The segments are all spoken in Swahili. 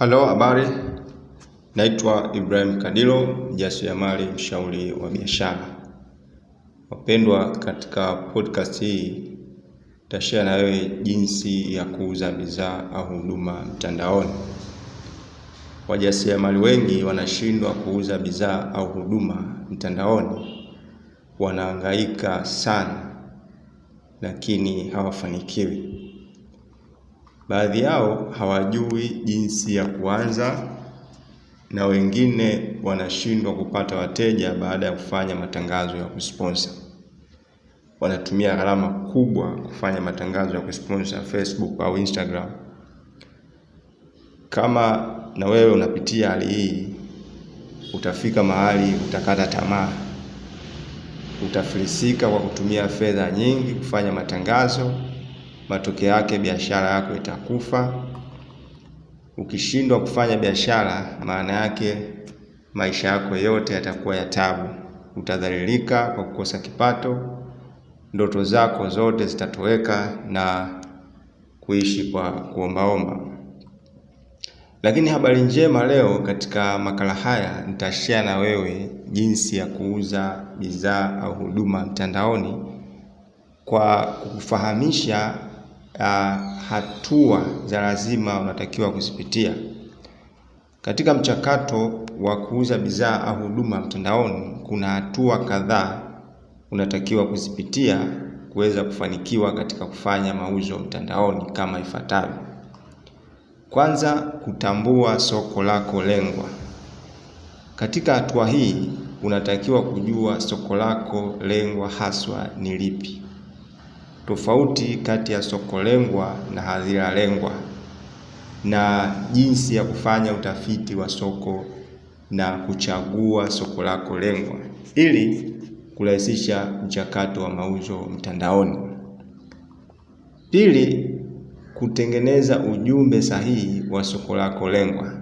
Halo, habari. Naitwa Ibrahim Kadilo, mjasiriamali, mshauri wa biashara. Wapendwa, katika podcast hii tashia na wewe jinsi ya kuuza bidhaa au huduma mtandaoni. Wajasiriamali wengi wanashindwa kuuza bidhaa au huduma mtandaoni, wanahangaika sana, lakini hawafanikiwi. Baadhi yao hawajui jinsi ya kuanza na wengine wanashindwa kupata wateja baada ya kufanya matangazo ya kusponsor. Wanatumia gharama kubwa kufanya matangazo ya kusponsor Facebook au Instagram. Kama na wewe unapitia hali hii, utafika mahali utakata tamaa. Utafilisika kwa kutumia fedha nyingi kufanya matangazo matokeo yake biashara yako itakufa. Ukishindwa kufanya biashara, maana yake maisha yako yote yatakuwa ya tabu. Utadhalilika kwa kukosa kipato, ndoto zako zote zitatoweka na kuishi kwa kuombaomba. Lakini habari njema leo katika makala haya nitashare na wewe jinsi ya kuuza bidhaa au huduma mtandaoni kwa kukufahamisha uh, hatua za lazima unatakiwa kuzipitia katika mchakato wa kuuza bidhaa au huduma mtandaoni. Kuna hatua kadhaa unatakiwa kuzipitia kuweza kufanikiwa katika kufanya mauzo mtandaoni kama ifuatavyo. Kwanza, kutambua soko lako lengwa. Katika hatua hii unatakiwa kujua soko lako lengwa haswa ni lipi tofauti kati ya soko lengwa na hadhira lengwa na jinsi ya kufanya utafiti wa soko na kuchagua soko lako lengwa ili kurahisisha mchakato wa mauzo mtandaoni. Pili, kutengeneza ujumbe sahihi wa soko lako lengwa.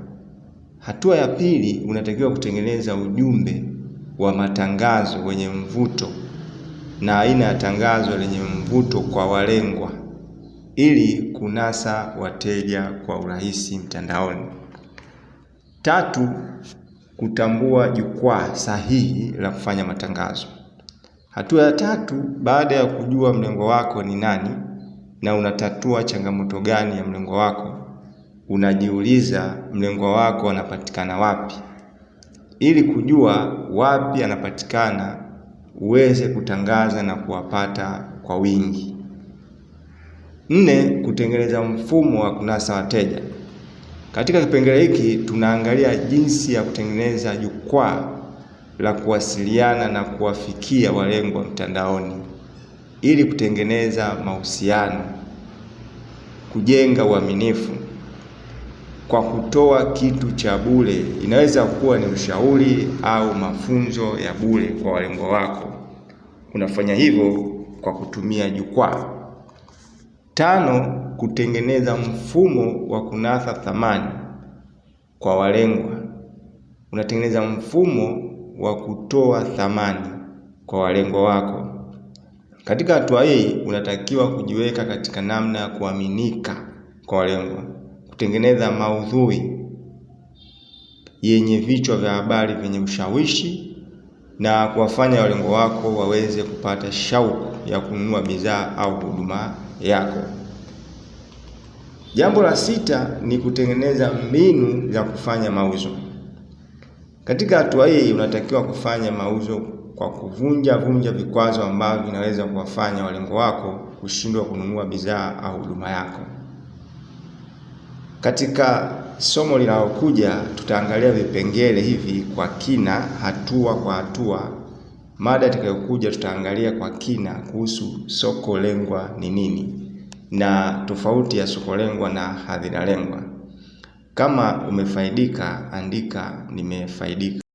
Hatua ya pili, unatakiwa kutengeneza ujumbe wa matangazo wenye mvuto na aina ya tangazo lenye mvuto kwa walengwa ili kunasa wateja kwa urahisi mtandaoni. Tatu, kutambua jukwaa sahihi la kufanya matangazo. Hatua ya tatu baada ya kujua mlengo wako ni nani na unatatua changamoto gani ya mlengo wako, unajiuliza mlengo wako anapatikana wapi. Ili kujua wapi anapatikana uweze kutangaza na kuwapata kwa wingi. Nne, kutengeneza mfumo wa kunasa wateja. Katika kipengele hiki tunaangalia jinsi ya kutengeneza jukwaa la kuwasiliana na kuwafikia walengwa mtandaoni ili kutengeneza mahusiano, kujenga uaminifu kwa kutoa kitu cha bure. Inaweza kuwa ni ushauri au mafunzo ya bure kwa walengwa wako. Unafanya hivyo kwa kutumia jukwaa. Tano, kutengeneza mfumo wa kunasa thamani kwa walengwa. Unatengeneza mfumo wa kutoa thamani kwa walengwa wako. Katika hatua hii, unatakiwa kujiweka katika namna ya kuaminika kwa walengwa kutengeneza maudhui yenye vichwa vya habari vyenye ushawishi na kuwafanya walengo wako waweze kupata shauku ya kununua bidhaa au huduma yako. Jambo la sita ni kutengeneza mbinu za kufanya mauzo. Katika hatua hii unatakiwa kufanya mauzo kwa kuvunja vunja vikwazo ambavyo vinaweza kuwafanya walengo wako kushindwa kununua bidhaa au huduma yako. Katika somo linalokuja tutaangalia vipengele hivi kwa kina, hatua kwa hatua. Mada itakayokuja tutaangalia kwa kina kuhusu soko lengwa ni nini na tofauti ya soko lengwa na hadhira lengwa. Kama umefaidika, andika nimefaidika.